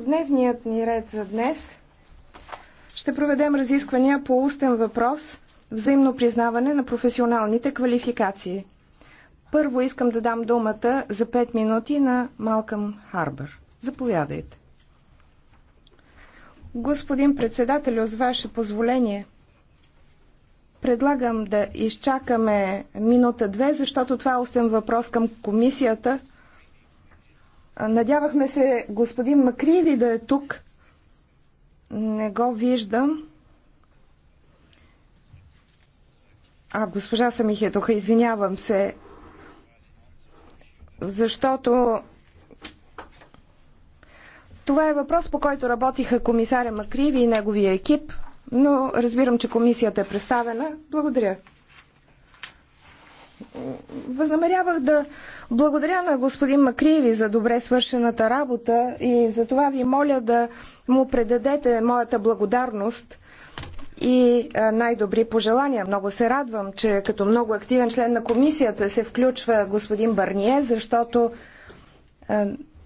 дневният ни ред за днес ще проведем разисквания по устен въпрос взаимно признаване на професионалните квалификации. Първо искам да дам думата за 5 минути на Малкъм Харбър. Заповядайте. Господин председател, с ваше позволение, предлагам да изчакаме минута-две, защото това е устен въпрос към комисията Надявахме се господин Макриви да е тук. Не го виждам. А, госпожа Самихетоха, извинявам се, защото това е въпрос, по който работиха комисаря Макриви и неговия екип, но разбирам, че комисията е представена. Благодаря. Възнамерявах да благодаря на господин Макриеви за добре свършената работа и за това ви моля да му предадете моята благодарност и най-добри пожелания. Много се радвам, че като много активен член на комисията се включва господин Барние, защото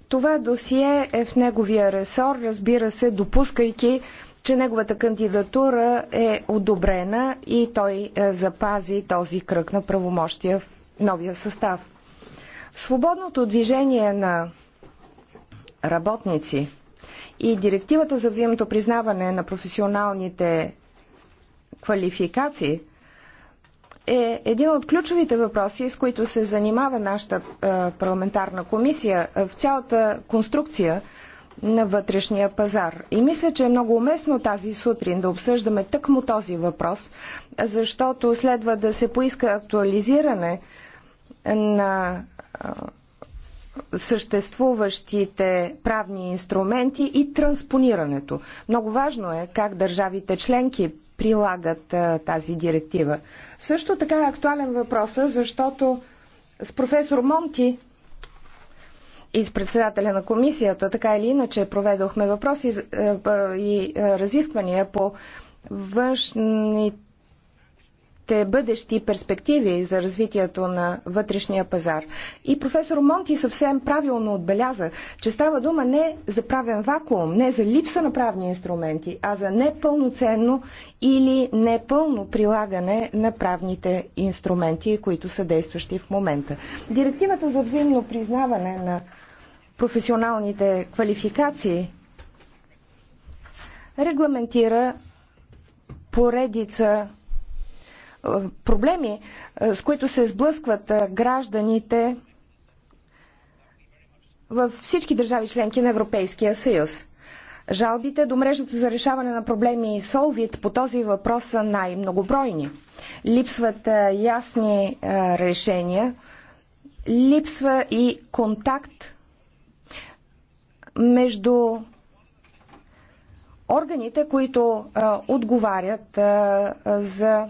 това досие е в неговия ресор, разбира се, допускайки че неговата кандидатура е одобрена и той е, запази този кръг на правомощия в новия състав. Свободното движение на работници и директивата за взаимното признаване на професионалните квалификации е един от ключовите въпроси, с които се занимава нашата е, парламентарна комисия в цялата конструкция – на вътрешния пазар. И мисля, че е много уместно тази сутрин да обсъждаме тъкмо този въпрос, защото следва да се поиска актуализиране на съществуващите правни инструменти и транспонирането. Много важно е как държавите членки прилагат а, тази директива. Също така е актуален въпрос, защото с професор Монти и с председателя на комисията, така или иначе проведохме въпроси е, е, и е, разисквания по външните бъдещи перспективи за развитието на вътрешния пазар. И професор Монти съвсем правилно отбеляза, че става дума не за правен вакуум, не за липса на правни инструменти, а за непълноценно или непълно прилагане на правните инструменти, които са действащи в момента. Директивата за взаимно признаване на професионалните квалификации регламентира поредица е, проблеми, е, с които се сблъскват е, гражданите във всички държави членки на Европейския съюз. Жалбите до мрежата за решаване на проблеми солвит по този въпрос са най-многобройни. Липсват ясни решения, липсва и контакт между органите, които а, отговарят а, за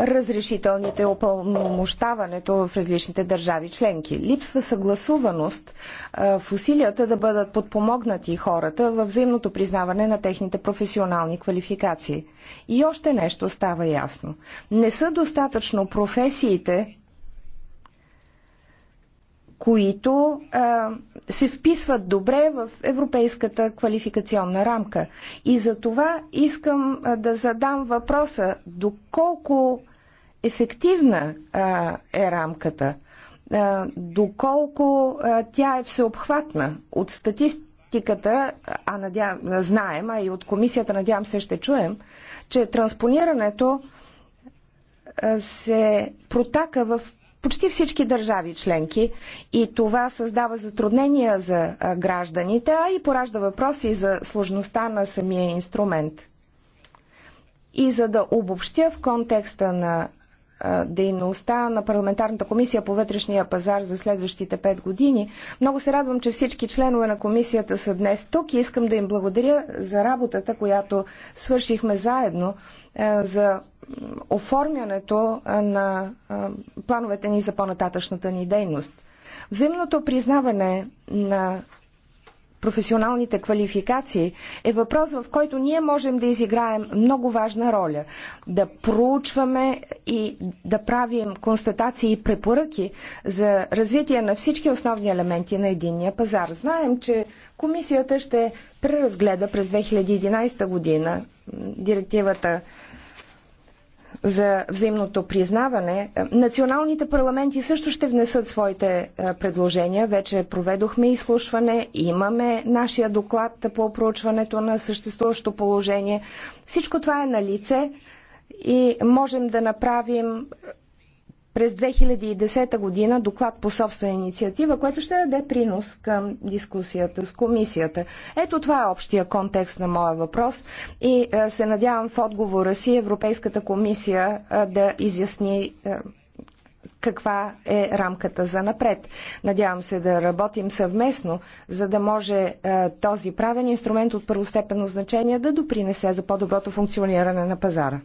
разрешителните опълномощаването в различните държави членки. Липсва съгласуваност а, в усилията да бъдат подпомогнати хората във взаимното признаване на техните професионални квалификации. И още нещо става ясно. Не са достатъчно професиите, които а, се вписват добре в европейската квалификационна рамка. И за това искам а, да задам въпроса доколко ефективна а, е рамката, а, доколко а, тя е всеобхватна от статистиката, а надявам, знаем, а и от комисията надявам се ще чуем, че транспонирането се протака в почти всички държави членки и това създава затруднения за гражданите, а и поражда въпроси за сложността на самия инструмент. И за да обобщя в контекста на дейността на парламентарната комисия по вътрешния пазар за следващите 5 години. Много се радвам, че всички членове на комисията са днес тук и искам да им благодаря за работата, която свършихме заедно за оформянето на плановете ни за по-нататъчната ни дейност. Взаимното признаване на професионалните квалификации е въпрос, в който ние можем да изиграем много важна роля. Да проучваме и да правим констатации и препоръки за развитие на всички основни елементи на единния пазар. Знаем, че комисията ще преразгледа през 2011 година директивата за взаимното признаване, е, националните парламенти също ще внесат своите е, предложения. Вече проведохме изслушване, имаме нашия доклад по проучването на съществуващо положение. Всичко това е на лице и можем да направим през 2010 година доклад по собствена инициатива, което ще даде принос към дискусията с комисията. Ето това е общия контекст на моя въпрос и е, се надявам в отговора си Европейската комисия е, да изясни е, каква е рамката за напред. Надявам се да работим съвместно, за да може е, този правен инструмент от първостепенно значение да допринесе за по-доброто функциониране на пазара.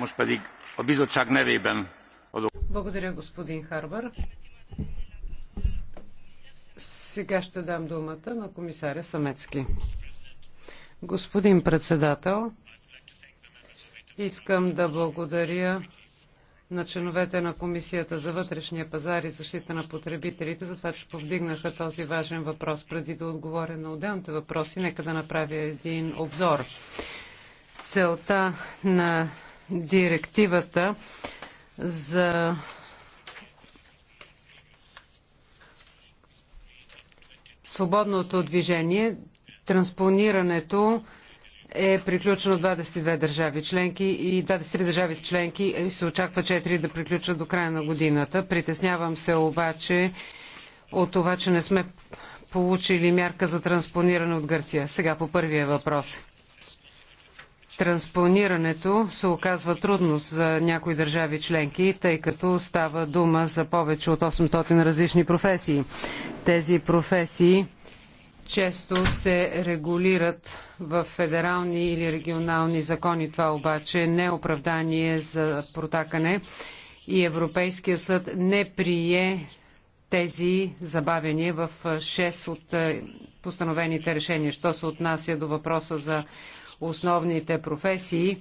Most pedig чак не благодаря, господин Харбър. Сега ще дам думата на комисаря Самецки. Господин председател, искам да благодаря на членовете на Комисията за вътрешния пазар и защита на потребителите за това, че повдигнаха този важен въпрос. Преди да отговоря на отделните въпроси, нека да направя един обзор. Целта на директивата за свободното движение. Транспонирането е приключено 22 държави членки и 23 държави членки и се очаква 4 да приключат до края на годината. Притеснявам се обаче от това, че не сме получили мярка за транспониране от Гърция. Сега по първия въпрос транспонирането се оказва трудност за някои държави членки, тъй като става дума за повече от 800 различни професии. Тези професии често се регулират в федерални или регионални закони. Това обаче не е оправдание за протакане и Европейския съд не прие тези забавения в 6 от е, постановените решения. Що се отнася до въпроса за основните професии.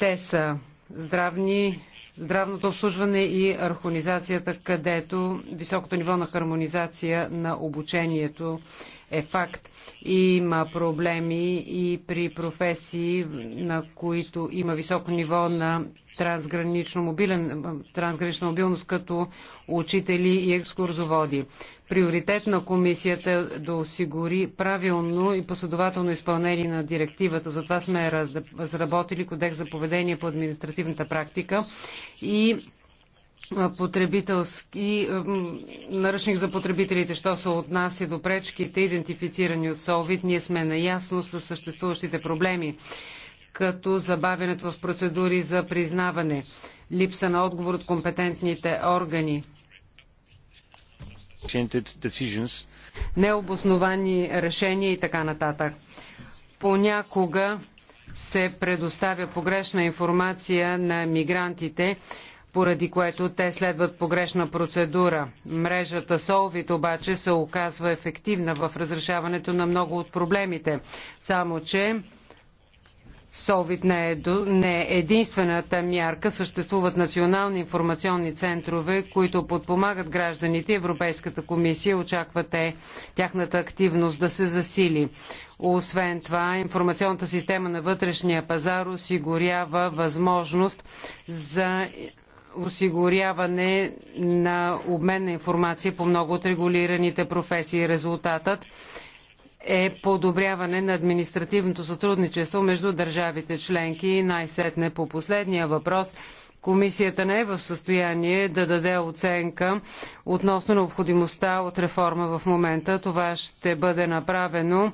Те са здравни, здравното обслужване и архонизацията, където високото ниво на хармонизация на обучението е факт. Има проблеми и при професии, на които има високо ниво на трансгранично мобилен, трансгранична мобилност, като учители и екскурзоводи. Приоритет на комисията е да осигури правилно и последователно изпълнение на директивата. Затова сме разработили кодекс за поведение по административната практика и потребителски наръчник за потребителите, що се отнася до пречките, идентифицирани от Солвит, ние сме наясно с съществуващите проблеми като забавянето в процедури за признаване, липса на отговор от компетентните органи, необосновани решения и така нататък. Понякога се предоставя погрешна информация на мигрантите, поради което те следват погрешна процедура. Мрежата Солвит обаче се оказва ефективна в разрешаването на много от проблемите. Само, че Солвит не е, не е единствената мярка. Съществуват национални информационни центрове, които подпомагат гражданите. Европейската комисия очаква те, тяхната активност да се засили. Освен това, информационната система на вътрешния пазар осигурява възможност за осигуряване на обмен на информация по много от регулираните професии. Резултатът е подобряване на административното сътрудничество между държавите членки и най-сетне по последния въпрос. Комисията не е в състояние да даде оценка относно необходимостта от реформа в момента. Това ще бъде направено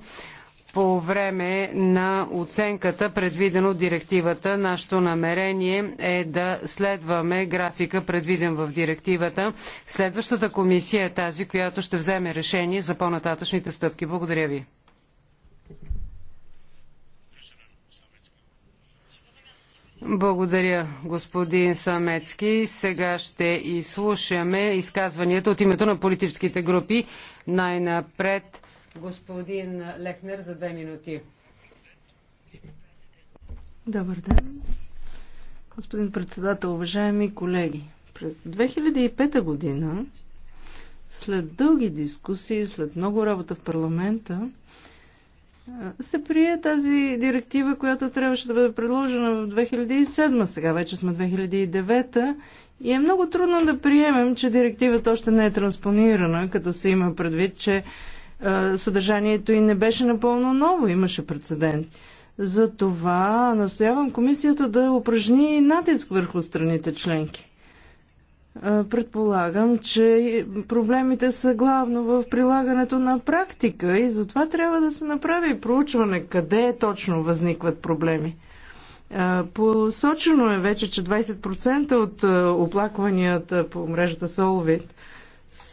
по време на оценката, предвидено директивата. Нашето намерение е да следваме графика, предвиден в директивата. Следващата комисия е тази, която ще вземе решение за по-нататъчните стъпки. Благодаря ви. Благодаря, господин Самецки. Сега ще изслушаме изказванията от името на политическите групи. Най-напред Господин Лехнер за две минути. Добър ден. Господин председател, уважаеми колеги, през 2005 година, след дълги дискусии, след много работа в парламента, се прие тази директива, която трябваше да бъде предложена в 2007. Сега вече сме 2009 и е много трудно да приемем, че директивата още не е транспонирана, като се има предвид, че съдържанието и не беше напълно ново, имаше прецедент. За това настоявам комисията да упражни натиск върху страните членки. Предполагам, че проблемите са главно в прилагането на практика и затова трябва да се направи проучване къде точно възникват проблеми. Посочено е вече, че 20% от оплакванията по мрежата Solvit –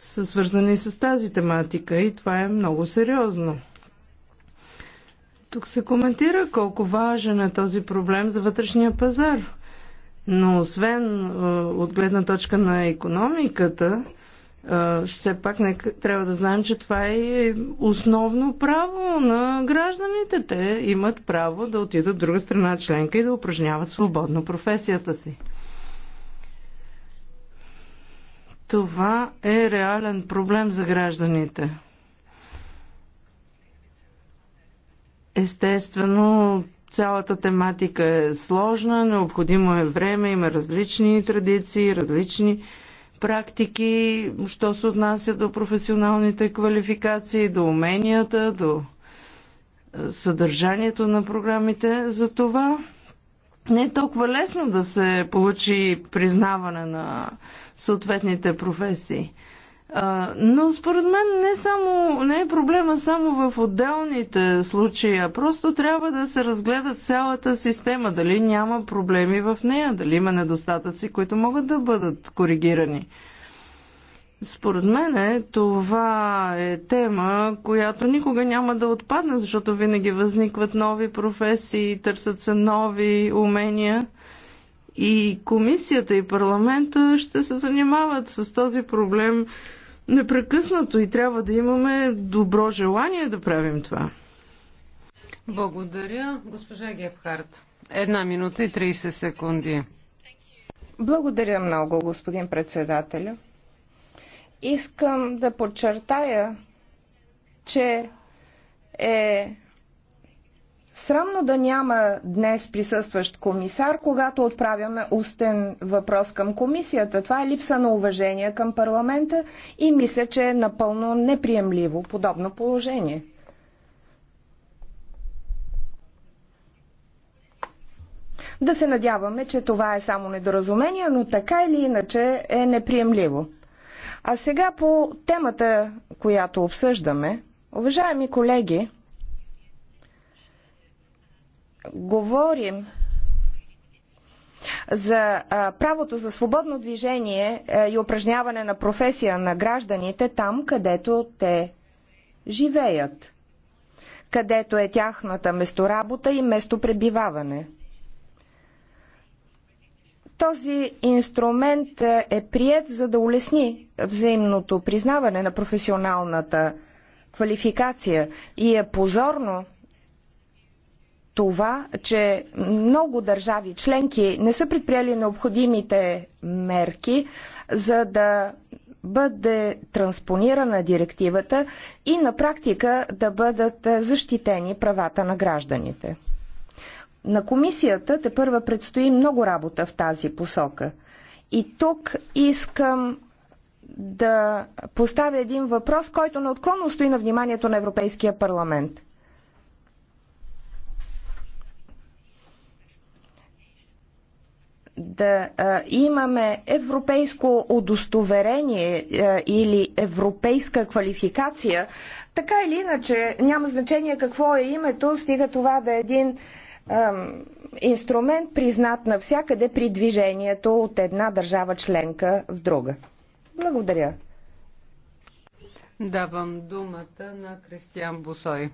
са свързани с тази тематика и това е много сериозно. Тук се коментира колко важен е този проблем за вътрешния пазар. Но освен от гледна точка на економиката, все пак нека, трябва да знаем, че това е основно право на гражданите. Те имат право да отидат в друга страна членка и да упражняват свободно професията си. Това е реален проблем за гражданите. Естествено, цялата тематика е сложна, необходимо е време, има различни традиции, различни практики, що се отнася до професионалните квалификации, до уменията, до е, съдържанието на програмите. За това не е толкова лесно да се получи признаване на съответните професии. Но според мен не, само, не е проблема само в отделните случаи, а просто трябва да се разгледа цялата система, дали няма проблеми в нея, дали има недостатъци, които могат да бъдат коригирани. Според мен е, това е тема, която никога няма да отпадне, защото винаги възникват нови професии, търсят се нови умения. И комисията и парламента ще се занимават с този проблем непрекъснато и трябва да имаме добро желание да правим това. Благодаря, госпожа Гепхарт. Една минута и 30 секунди. Благодаря много, господин председателю. Искам да подчертая, че е срамно да няма днес присъстващ комисар, когато отправяме устен въпрос към комисията. Това е липса на уважение към парламента и мисля, че е напълно неприемливо подобно положение. Да се надяваме, че това е само недоразумение, но така или иначе е неприемливо. А сега по темата, която обсъждаме, уважаеми колеги, говорим за правото за свободно движение е, и упражняване на професия на гражданите там, където те живеят, където е тяхната месторабота и местопребиваване – този инструмент е, е прият за да улесни взаимното признаване на професионалната квалификация и е позорно това, че много държави членки не са предприели необходимите мерки, за да бъде транспонирана директивата и на практика да бъдат е, защитени правата на гражданите. На комисията те първа предстои много работа в тази посока. И тук искам да поставя един въпрос, който неотклонно стои на вниманието на Европейския парламент. Да а, имаме европейско удостоверение а, или европейска квалификация, така или иначе няма значение какво е името, стига това да е един инструмент, признат навсякъде при движението от една държава членка в друга. Благодаря. Давам думата на Кристиан Босой.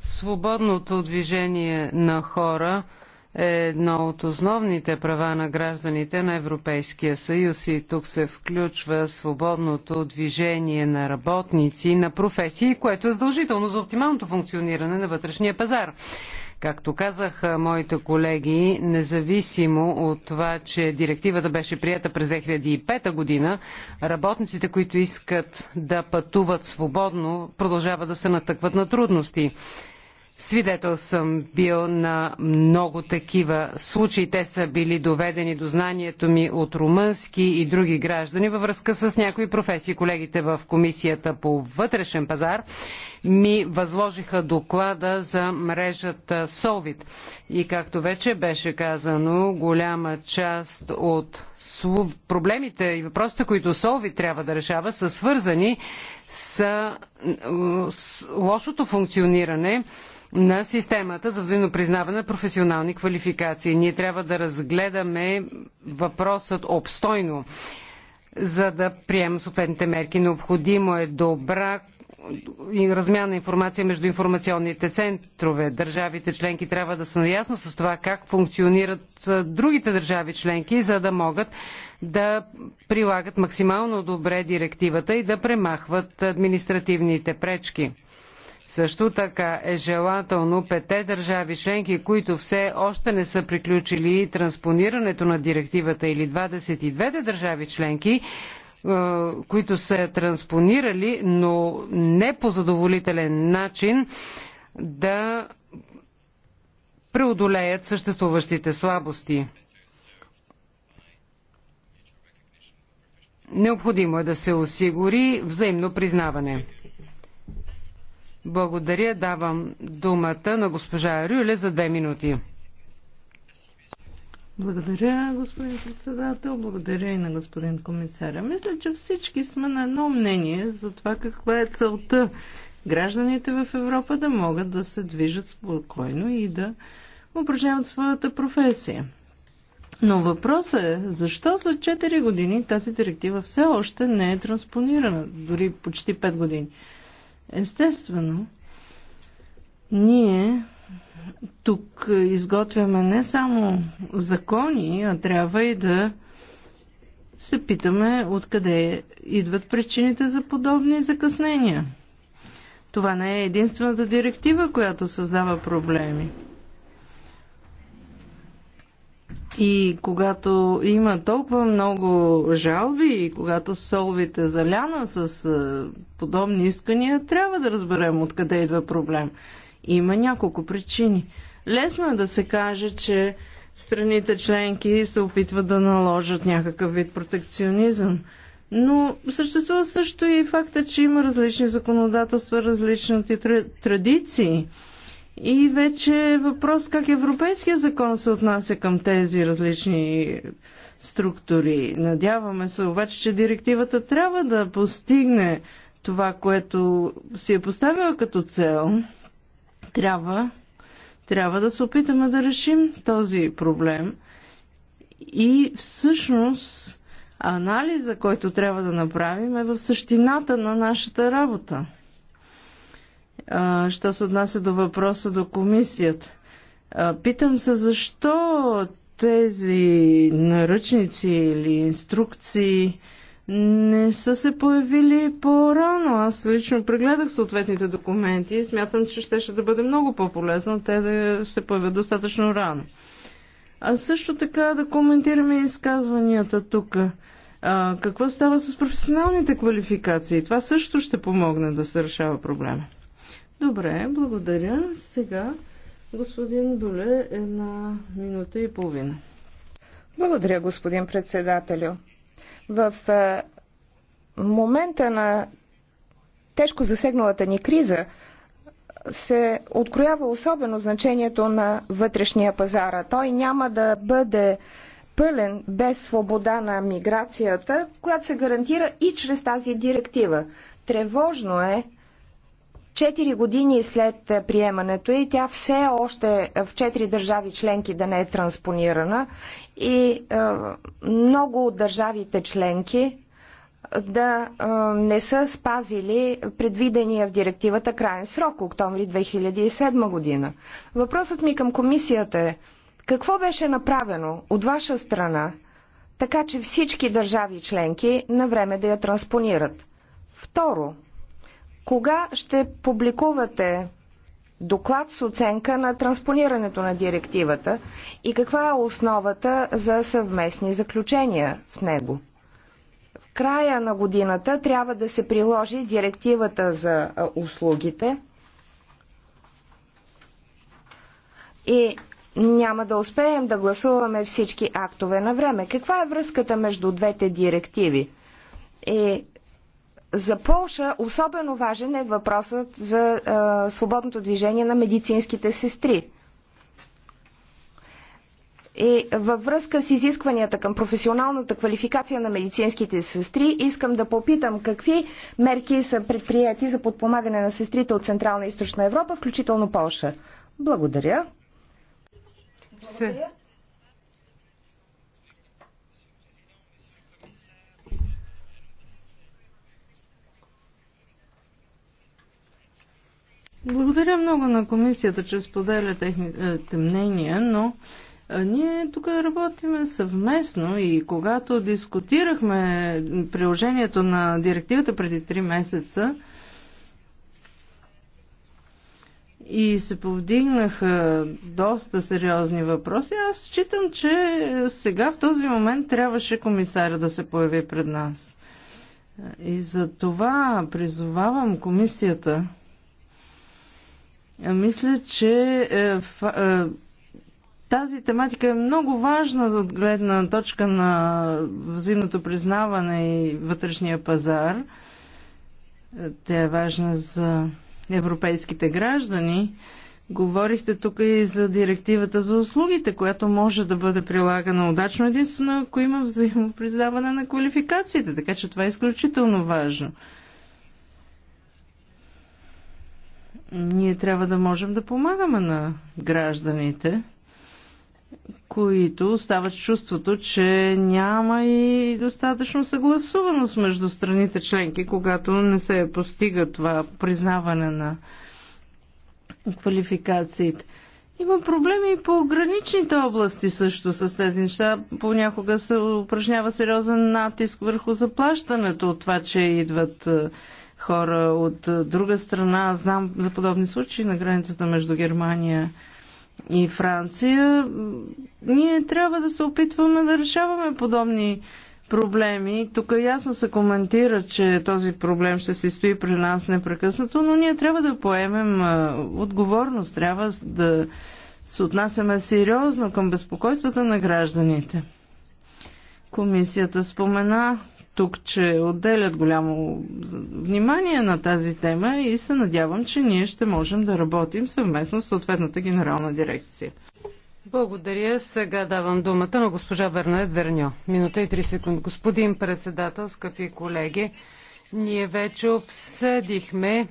Свободното движение на хора – е едно от основните права на гражданите на Европейския съюз и тук се включва свободното движение на работници, на професии, което е задължително за оптималното функциониране на вътрешния пазар. Както казах, моите колеги, независимо от това, че директивата беше прията през 2005 година, работниците, които искат да пътуват свободно, продължават да се натъкват на трудности. Свидетел съм бил на много такива случаи. Те са били доведени до знанието ми от румънски и други граждани във връзка с някои професии. Колегите в Комисията по вътрешен пазар ми възложиха доклада за мрежата СОВИД. И както вече беше казано, голяма част от проблемите и въпросите, които СОВИТ трябва да решава, са свързани с, с лошото функциониране на системата за взаимно признаване на професионални квалификации. Ние трябва да разгледаме въпросът обстойно, за да приемем съответните мерки. Необходимо е добра и размяна на информация между информационните центрове. Държавите членки трябва да са наясно с това как функционират другите държави членки, за да могат да прилагат максимално добре директивата и да премахват административните пречки. Също така е желателно пете държави членки, които все още не са приключили транспонирането на директивата или 22 държави членки, които са транспонирали, но не по задоволителен начин да преодолеят съществуващите слабости. Необходимо е да се осигури взаимно признаване. Благодаря. Давам думата на госпожа Рюле за две минути. Благодаря, господин председател. Благодаря и на господин комисаря. Мисля, че всички сме на едно мнение за това каква е целта гражданите в Европа да могат да се движат спокойно и да упражняват своята професия. Но въпросът е, защо след 4 години тази директива все още не е транспонирана, дори почти 5 години? Естествено, ние тук изготвяме не само закони, а трябва и да се питаме откъде идват причините за подобни закъснения. Това не е единствената директива, която създава проблеми. И когато има толкова много жалби и когато солвите заляна с подобни искания, трябва да разберем откъде идва проблем. Има няколко причини. Лесно е да се каже, че страните членки се опитват да наложат някакъв вид протекционизъм. Но съществува също и факта, че има различни законодателства, различни традиции. И вече е въпрос как европейския закон се отнася към тези различни структури. Надяваме се обаче, че директивата трябва да постигне това, което си е поставила като цел трябва, трябва да се опитаме да решим този проблем и всъщност анализа, който трябва да направим е в същината на нашата работа. Що се отнася до въпроса до комисията. Питам се защо тези наръчници или инструкции не са се появили по-рано. Аз лично прегледах съответните документи и смятам, че ще, ще да бъде много по-полезно те да се появят достатъчно рано. А също така да коментираме изказванията тук. А, какво става с професионалните квалификации? Това също ще помогне да се решава проблема. Добре, благодаря. Сега господин Боле една минута и половина. Благодаря, господин председателю. В момента на тежко засегналата ни криза се откроява особено значението на вътрешния пазар. Той няма да бъде пълен без свобода на миграцията, която се гарантира и чрез тази директива. Тревожно е, Четири години след приемането и тя все още в четири държави членки да не е транспонирана и е, много от държавите членки е, да е, не са спазили предвидения в директивата крайен срок, октомври 2007 година. Въпросът ми към комисията е, какво беше направено от ваша страна, така че всички държави членки на време да я транспонират? Второ, кога ще публикувате доклад с оценка на транспонирането на директивата и каква е основата за съвместни заключения в него? В края на годината трябва да се приложи директивата за услугите и няма да успеем да гласуваме всички актове на време. Каква е връзката между двете директиви? И за Полша особено важен е въпросът за а, е, свободното движение на медицинските сестри. И във връзка с изискванията към професионалната квалификация на медицинските сестри, искам да попитам какви мерки са предприяти за подпомагане на сестрите от Централна и Източна Европа, включително Полша. Благодаря. Благодаря. Благодаря много на комисията, че споделя техните е, мнения, но е, ние тук работиме съвместно и когато дискутирахме приложението на директивата преди 3 месеца и се повдигнаха доста сериозни въпроси, аз считам, че сега в този момент трябваше комисаря да се появи пред нас. Е, и за това призовавам комисията мисля, че е, е, тази тематика е много важна от гледна точка на взаимното признаване и вътрешния пазар. Тя е важна за европейските граждани. Говорихте тук и за директивата за услугите, която може да бъде прилагана удачно единствено, ако има взаимопризнаване на квалификациите, така че това е изключително важно. Ние трябва да можем да помагаме на гражданите, които остават чувството, че няма и достатъчно съгласуваност между страните членки, когато не се постига това признаване на квалификациите. Има проблеми и по граничните области също с тези неща. Понякога се упражнява сериозен натиск върху заплащането от това, че идват хора от друга страна. Знам за подобни случаи на границата между Германия и Франция. Ние трябва да се опитваме да решаваме подобни проблеми. Тук ясно се коментира, че този проблем ще се стои при нас непрекъснато, но ние трябва да поемем отговорност, трябва да се отнасяме сериозно към безпокойствата на гражданите. Комисията спомена тук, че отделят голямо внимание на тази тема и се надявам, че ние ще можем да работим съвместно с съответната генерална дирекция. Благодаря. Сега давам думата на госпожа Бернадет Верньо. Минута и три секунди. Господин председател, скъпи колеги, ние вече обсъдихме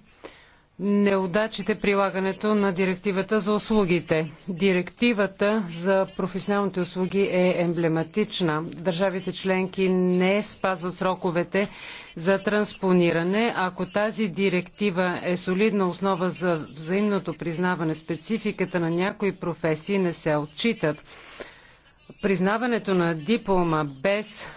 неудачите прилагането на директивата за услугите. Директивата за професионалните услуги е емблематична. Държавите членки не спазват сроковете за транспониране. Ако тази директива е солидна основа за взаимното признаване, спецификата на някои професии не се отчитат. Признаването на диплома без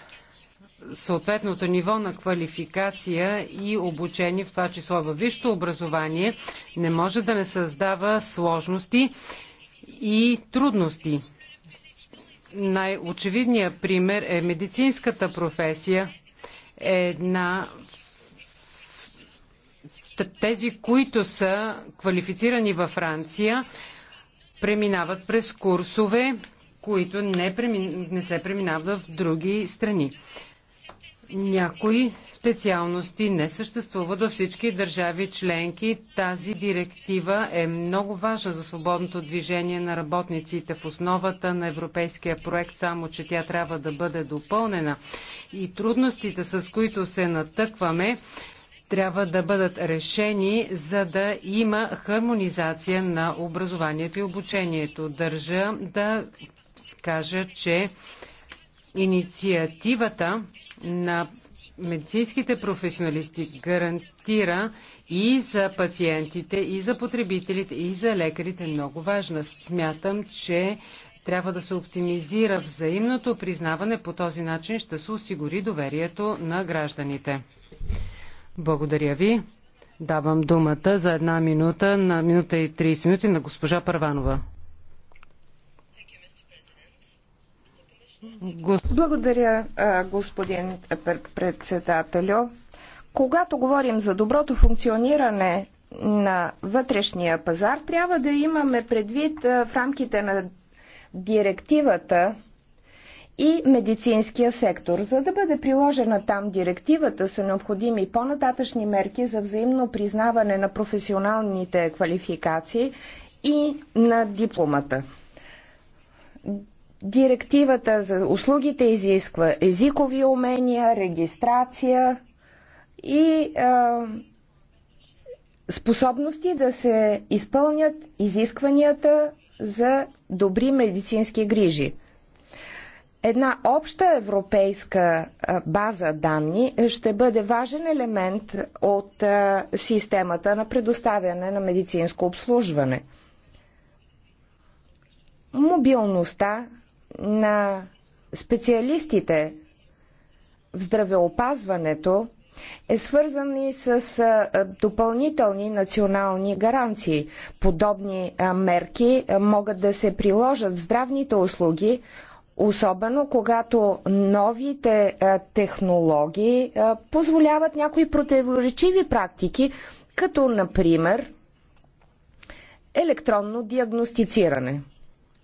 съответното ниво на квалификация и обучение, в това число във висшето образование, не може да не създава сложности и трудности. Най-очевидният пример е медицинската професия. Една тези, които са квалифицирани във Франция, преминават през курсове, които не, премин... не се преминават в други страни. Някои специалности не съществуват във всички държави членки. Тази директива е много важна за свободното движение на работниците в основата на европейския проект, само че тя трябва да бъде допълнена. И трудностите, с които се натъкваме, трябва да бъдат решени, за да има хармонизация на образованието и обучението. Държа да кажа, че инициативата на медицинските професионалисти гарантира и за пациентите, и за потребителите, и за лекарите много важна. Смятам, че трябва да се оптимизира взаимното признаване. По този начин ще се осигури доверието на гражданите. Благодаря ви. Давам думата за една минута на минута и 30 минути на госпожа Първанова. Благодаря, господин председателю. Когато говорим за доброто функциониране на вътрешния пазар, трябва да имаме предвид в рамките на директивата и медицинския сектор. За да бъде приложена там директивата са необходими по-нататъчни мерки за взаимно признаване на професионалните квалификации и на дипломата. Директивата за услугите изисква езикови умения, регистрация и а, способности да се изпълнят изискванията за добри медицински грижи. Една обща европейска база данни ще бъде важен елемент от системата на предоставяне на медицинско обслужване. Мобилността на специалистите в здравеопазването е свързан и с допълнителни национални гаранции. Подобни мерки могат да се приложат в здравните услуги, особено когато новите технологии позволяват някои противоречиви практики, като например електронно диагностициране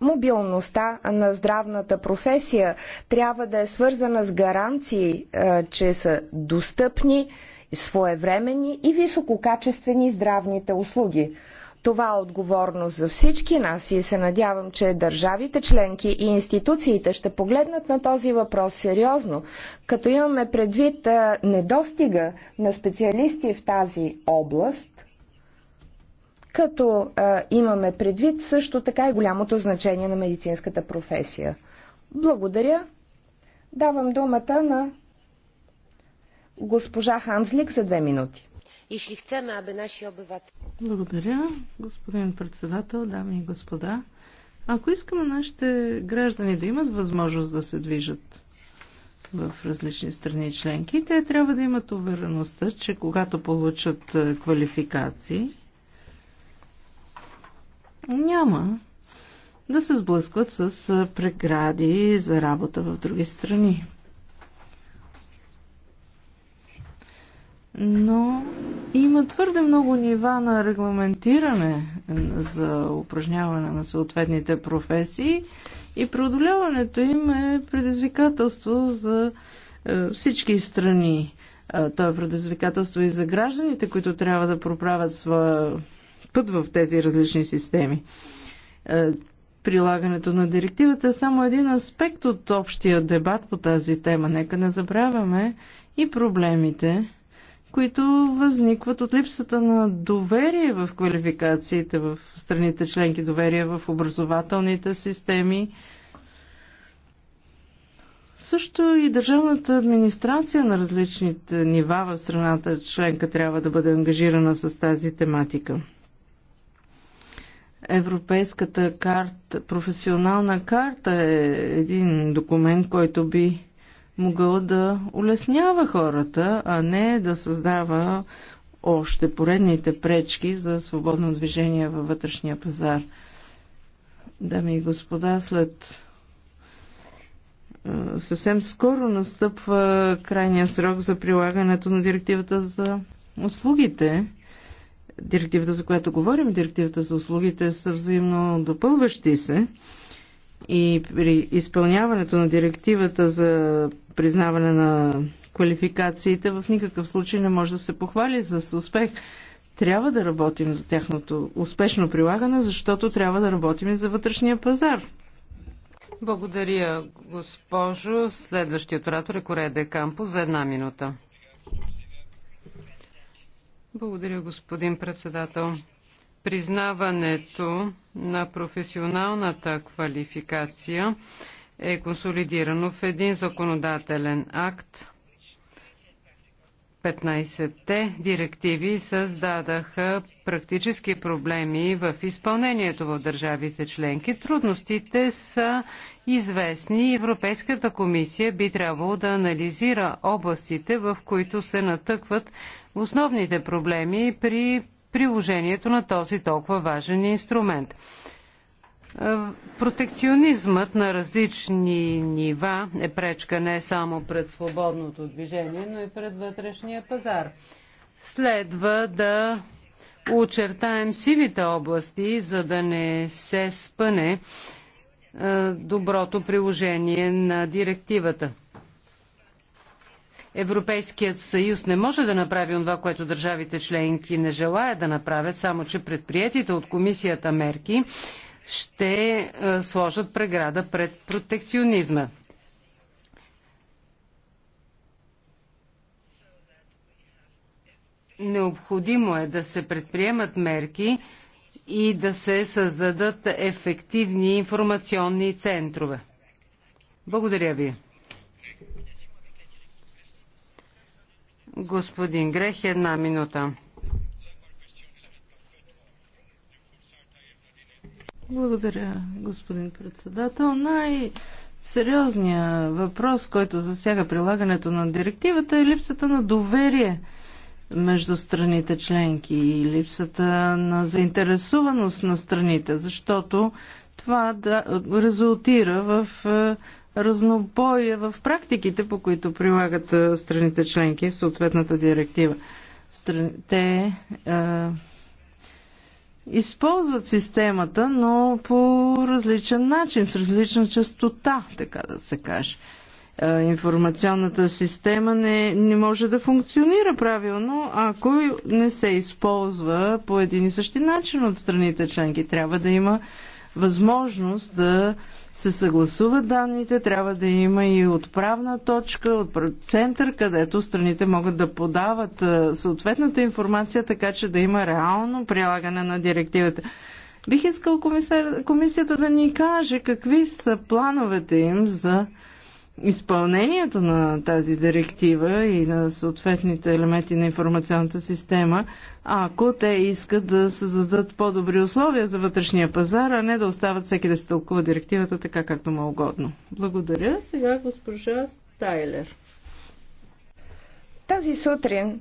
мобилността на здравната професия трябва да е свързана с гаранции, че са достъпни, своевременни и висококачествени здравните услуги. Това е отговорност за всички нас и се надявам, че държавите членки и институциите ще погледнат на този въпрос сериозно, като имаме предвид недостига на специалисти в тази област като а, имаме предвид също така и е голямото значение на медицинската професия. Благодаря. Давам думата на госпожа Ханзлик за две минути. Jeśli chcemy, абе наши obywatele. Благодаря, господин председател, дами и господа. Ако искаме нашите граждани да имат възможност да се движат в различни страни членки, те трябва да имат увереността, че когато получат квалификации, няма да се сблъскват с прегради за работа в други страни. Но има твърде много нива на регламентиране за упражняване на съответните професии и преодоляването им е предизвикателство за е, всички страни. То е предизвикателство и за гражданите, които трябва да проправят своя път в тези различни системи. Е, прилагането на директивата е само един аспект от общия дебат по тази тема. Нека не забравяме и проблемите, които възникват от липсата на доверие в квалификациите в страните членки, доверие в образователните системи. Също и държавната администрация на различните нива в страната членка трябва да бъде ангажирана с тази тематика. Европейската карта, професионална карта е един документ, който би могъл да улеснява хората, а не да създава още поредните пречки за свободно движение във вътрешния пазар. Дами и господа, след съвсем скоро настъпва крайния срок за прилагането на директивата за услугите директивата, за която говорим, директивата за услугите, са взаимно допълващи се и при изпълняването на директивата за признаване на квалификациите в никакъв случай не може да се похвали за успех. Трябва да работим за тяхното успешно прилагане, защото трябва да работим и за вътрешния пазар. Благодаря, госпожо. Следващият оратор е Корея Декампо за една минута. Благодаря, господин председател. Признаването на професионалната квалификация е консолидирано в един законодателен акт, 15-те директиви създадаха практически проблеми в изпълнението в държавите членки. Трудностите са известни. Европейската комисия би трябвало да анализира областите, в които се натъкват основните проблеми при приложението на този толкова важен инструмент. Е, протекционизмът на различни нива е пречка не само пред свободното движение, но и пред вътрешния пазар. Следва да очертаем сивите области, за да не се спъне е, доброто приложение на директивата. Европейският съюз не може да направи това, което държавите членки не желаят да направят, само че предприятите от комисията мерки ще е, сложат преграда пред протекционизма. Необходимо е да се предприемат мерки и да се създадат ефективни информационни центрове. Благодаря ви. Господин Грех, една минута. Благодаря, господин председател. Най-сериозният въпрос, който засяга прилагането на директивата е липсата на доверие между страните членки и липсата на заинтересуваност на страните, защото това да резултира в е, разнобоя в практиките, по които прилагат е, страните членки съответната директива. Те е, използват системата, но по различен начин, с различна частота, така да се каже. Е, информационната система не, не може да функционира правилно, ако не се използва по един и същи начин от страните членки. Трябва да има възможност да се съгласуват данните, трябва да има и отправна точка, от център, където страните могат да подават съответната информация, така че да има реално прилагане на директивата. Бих искал комисията да ни каже какви са плановете им за изпълнението на тази директива и на съответните елементи на информационната система, ако те искат да създадат по-добри условия за вътрешния пазар, а не да остават всеки да се тълкува директивата така както му е угодно. Благодаря. Сега госпожа Стайлер. Тази сутрин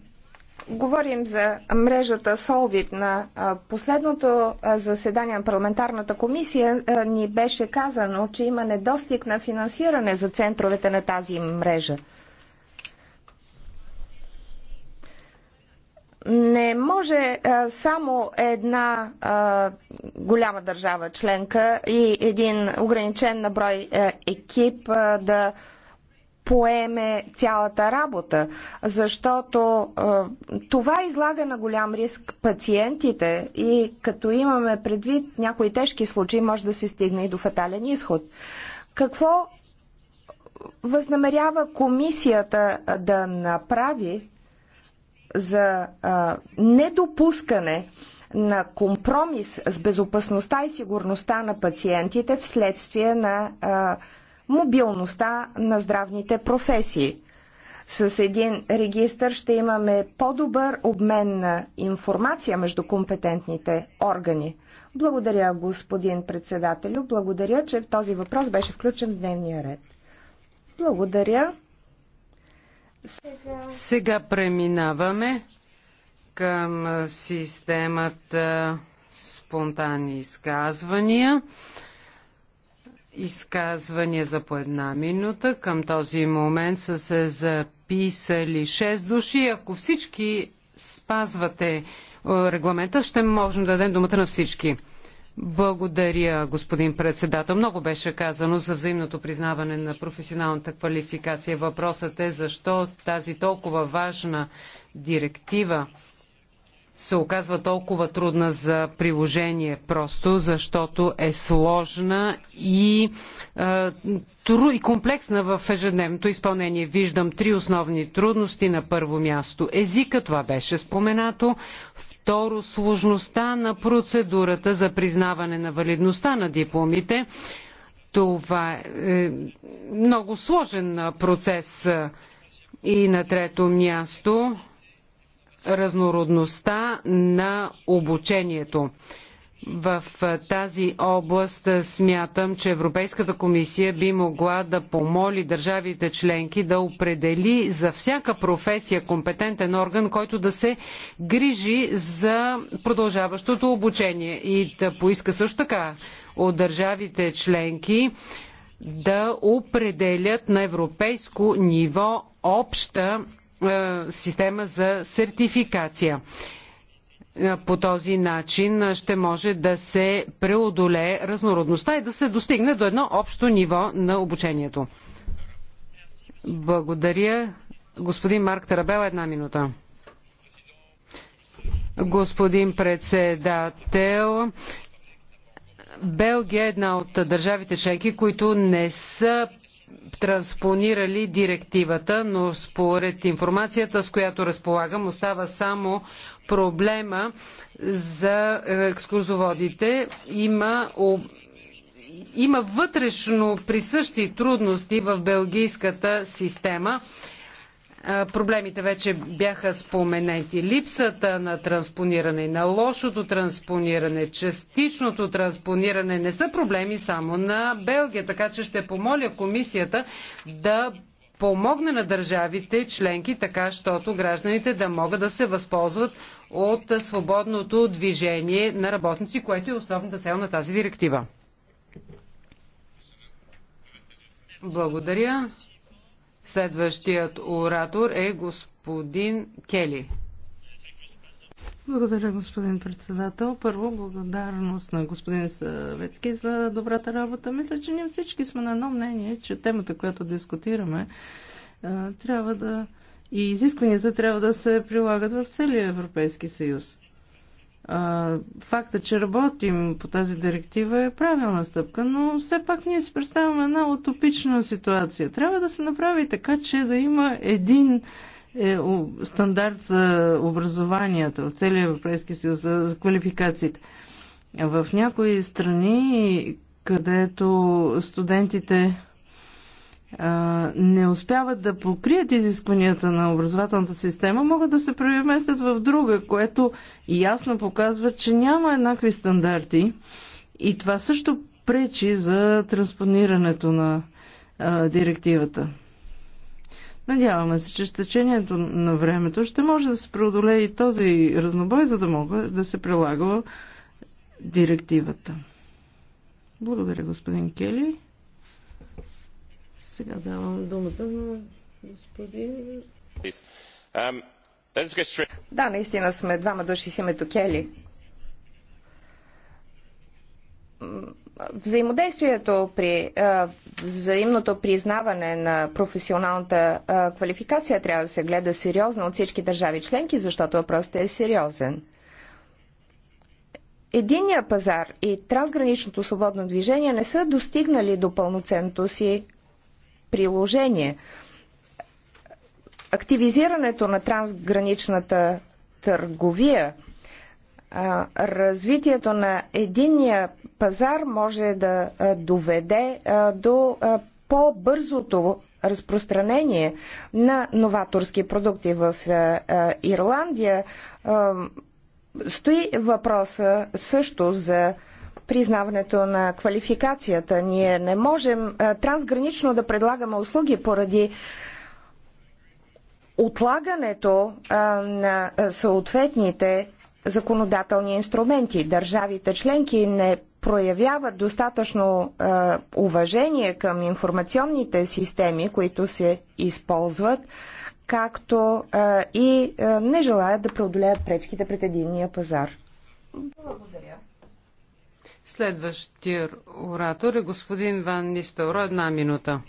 Говорим за мрежата солвит На последното заседание на парламентарната комисия ни беше казано, че има недостиг на финансиране за центровете на тази мрежа. не може само една голяма държава членка и един ограничен наброй екип да поеме цялата работа, защото е, това излага на голям риск пациентите и като имаме предвид някои тежки случаи, може да се стигне и до фатален изход. Какво възнамерява комисията е, да направи за а, е, недопускане на компромис с безопасността и сигурността на пациентите вследствие на а, е, мобилността на здравните професии. С един регистр ще имаме по-добър обмен на информация между компетентните органи. Благодаря, господин председателю. Благодаря, че този въпрос беше включен в дневния ред. Благодаря. Сега, Сега преминаваме към системата спонтанни изказвания изказвания за по една минута. Към този момент са се записали 6 души. Ако всички спазвате е, регламента, ще можем да дадем думата на всички. Благодаря, господин председател. Много беше казано за взаимното признаване на професионалната квалификация. Въпросът е защо тази толкова важна директива се оказва толкова трудна за приложение, просто защото е сложна и, е, тру, и комплексна в ежедневното изпълнение. Виждам три основни трудности. На първо място езика, това беше споменато. Второ, сложността на процедурата за признаване на валидността на дипломите. Това е, е много сложен процес. И на трето място разнородността на обучението. В тази област смятам, че Европейската комисия би могла да помоли държавите членки да определи за всяка професия компетентен орган, който да се грижи за продължаващото обучение и да поиска също така от държавите членки да определят на европейско ниво обща е, система за сертификация. Е, по този начин ще може да се преодолее разнородността и да се достигне до едно общо ниво на обучението. Благодаря. Господин Марк Тарабел, една минута. Господин председател, Белгия е една от държавите членки, които не са транспонирали директивата, но според информацията, с която разполагам, остава само проблема за е, екскурзоводите. Има има вътрешно присъщи трудности в белгийската система Проблемите вече бяха споменати. Липсата на транспониране, на лошото транспониране, частичното транспониране не са проблеми само на Белгия, така че ще помоля комисията да помогне на държавите членки, така щото гражданите да могат да се възползват от свободното движение на работници, което е основната цел на тази директива. Благодаря. Следващият оратор е господин Кели. Благодаря, господин председател. Първо, благодарност на господин Съветски за добрата работа. Мисля, че ние всички сме на едно мнение, че темата, която дискутираме, трябва да и изискванията трябва да се прилагат в целия Европейски съюз. Факта, че работим по тази директива е правилна стъпка, но все пак ние си представяме една утопична ситуация. Трябва да се направи така, че да има един е, стандарт за образованието в целия Европейски съюз, за квалификациите. В някои страни, където студентите не успяват да покрият изискванията на образователната система, могат да се преместят в друга, което ясно показва, че няма еднакви стандарти и това също пречи за транспонирането на а, директивата. Надяваме се, че с течението на времето ще може да се преодолее и този разнобой, за да мога да се прилага директивата. Благодаря, господин Кели. Сега давам думата на господин... Um, да, наистина сме двама души с името Кели. Взаимодействието при взаимното признаване на професионалната квалификация трябва да се гледа сериозно от всички държави членки, защото въпросът е сериозен. Единия пазар и трансграничното свободно движение не са достигнали до пълноценното си приложение. Активизирането на трансграничната търговия, развитието на единния пазар може да доведе до по-бързото разпространение на новаторски продукти в Ирландия стои въпроса също за признаването на квалификацията. Ние не можем трансгранично да предлагаме услуги поради отлагането на съответните законодателни инструменти. Държавите членки не проявяват достатъчно уважение към информационните системи, които се използват, както и не желаят да преодолеят пречките пред единния пазар. Благодаря. Следващия оратор е господин Ван Нистелро. Една минута.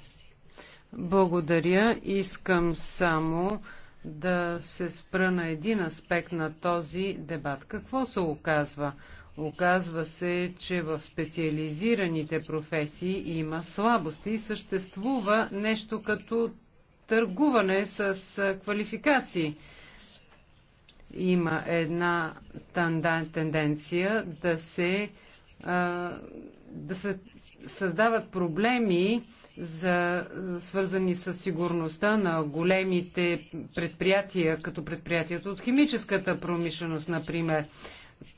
Благодаря. Искам само да се спра на един аспект на този дебат. Какво се оказва? Оказва се, че в специализираните професии има слабости и съществува нещо като търгуване с квалификации. Има една тенденция да се да се създават проблеми, за, свързани с сигурността на големите предприятия, като предприятието от химическата промишленост, например.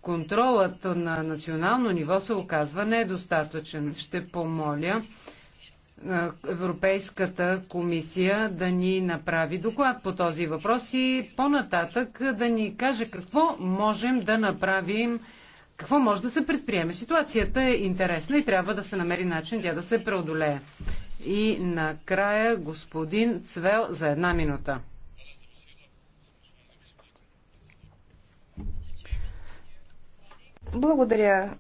Контролът на национално ниво се оказва недостатъчен. Ще помоля Европейската комисия да ни направи доклад по този въпрос и по-нататък да ни каже какво можем да направим какво може да се предприеме? Ситуацията е интересна и трябва да се намери начин тя да се преодолее. И накрая господин Цвел за една минута. Благодаря,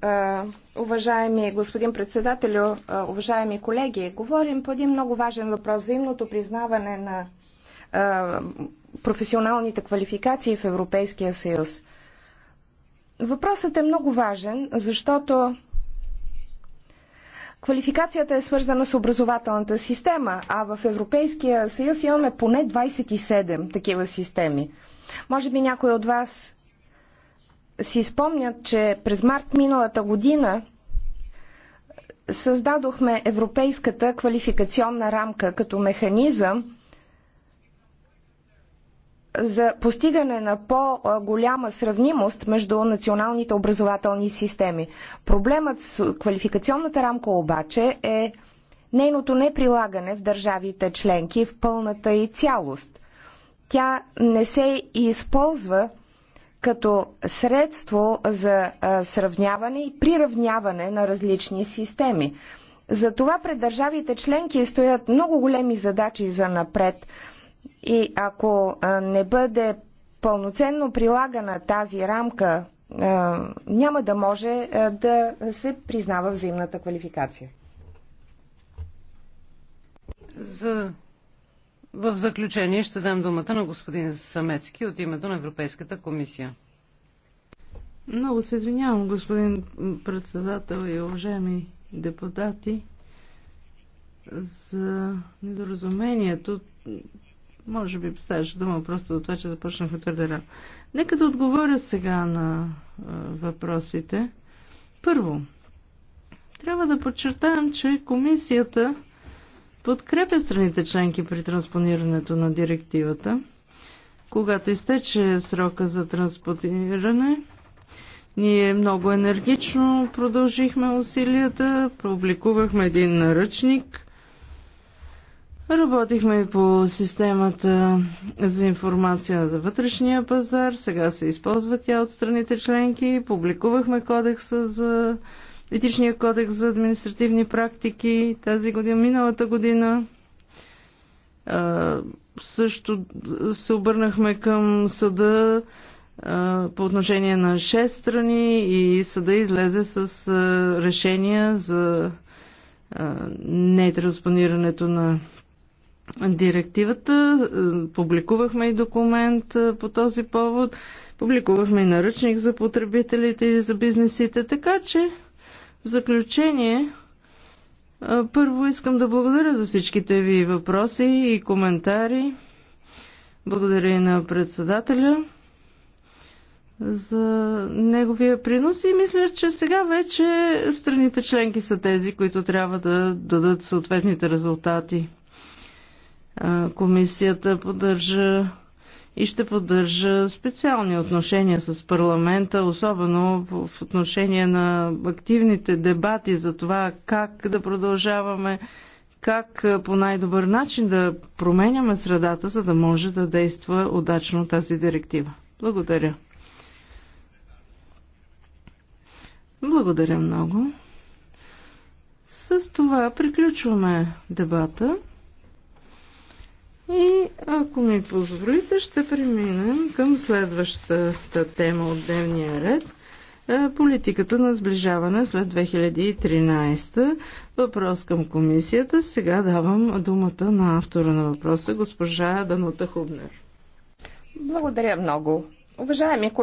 уважаеми господин председателю, уважаеми колеги. Говорим по един много важен въпрос взаимното признаване на професионалните квалификации в Европейския съюз. Въпросът е много важен, защото квалификацията е свързана с образователната система, а в Европейския съюз имаме поне 27 такива системи. Може би някои от вас си спомнят, че през март миналата година създадохме Европейската квалификационна рамка като механизъм, за постигане на по-голяма сравнимост между националните образователни системи. Проблемът с квалификационната рамка обаче е нейното неприлагане в държавите членки в пълната и цялост. Тя не се използва като средство за сравняване и приравняване на различни системи. Затова пред държавите членки стоят много големи задачи за напред и ако не бъде пълноценно прилагана тази рамка, няма да може да се признава взаимната квалификация. За... В заключение ще дам думата на господин Самецки от името на Европейската комисия. Много се извинявам, господин председател и уважаеми депутати, за недоразумението. Може би ставаше дума просто за това, че започнахме твърде рано. Нека да отговоря сега на а, въпросите. Първо, трябва да подчертаем, че комисията подкрепя страните членки при транспонирането на директивата. Когато изтече срока за транспониране, ние много енергично продължихме усилията, публикувахме един наръчник Работихме и по системата за информация за вътрешния пазар. Сега се използва тя от страните членки. Публикувахме кодекса за етичния кодекс за административни практики тази година, миналата година. също се обърнахме към съда по отношение на 6 страни и съда излезе с решения за нетранспонирането на директивата. Е, публикувахме и документ е, по този повод. Публикувахме и наръчник за потребителите и за бизнесите. Така че, в заключение, е, първо искам да благодаря за всичките ви въпроси и коментари. Благодаря и на председателя за неговия принос и мисля, че сега вече страните членки са тези, които трябва да дадат съответните резултати. Комисията поддържа и ще поддържа специални отношения с парламента, особено в отношение на активните дебати за това как да продължаваме, как по най-добър начин да променяме средата, за да може да действа удачно тази директива. Благодаря. Благодаря много. С това приключваме дебата. И ако ми позволите, ще преминем към следващата тема от дневния ред е, политиката на сближаване след 2013. Въпрос към комисията. Сега давам думата на автора на въпроса, госпожа Данута Хубнер. Благодаря много. Уважаеми колеги,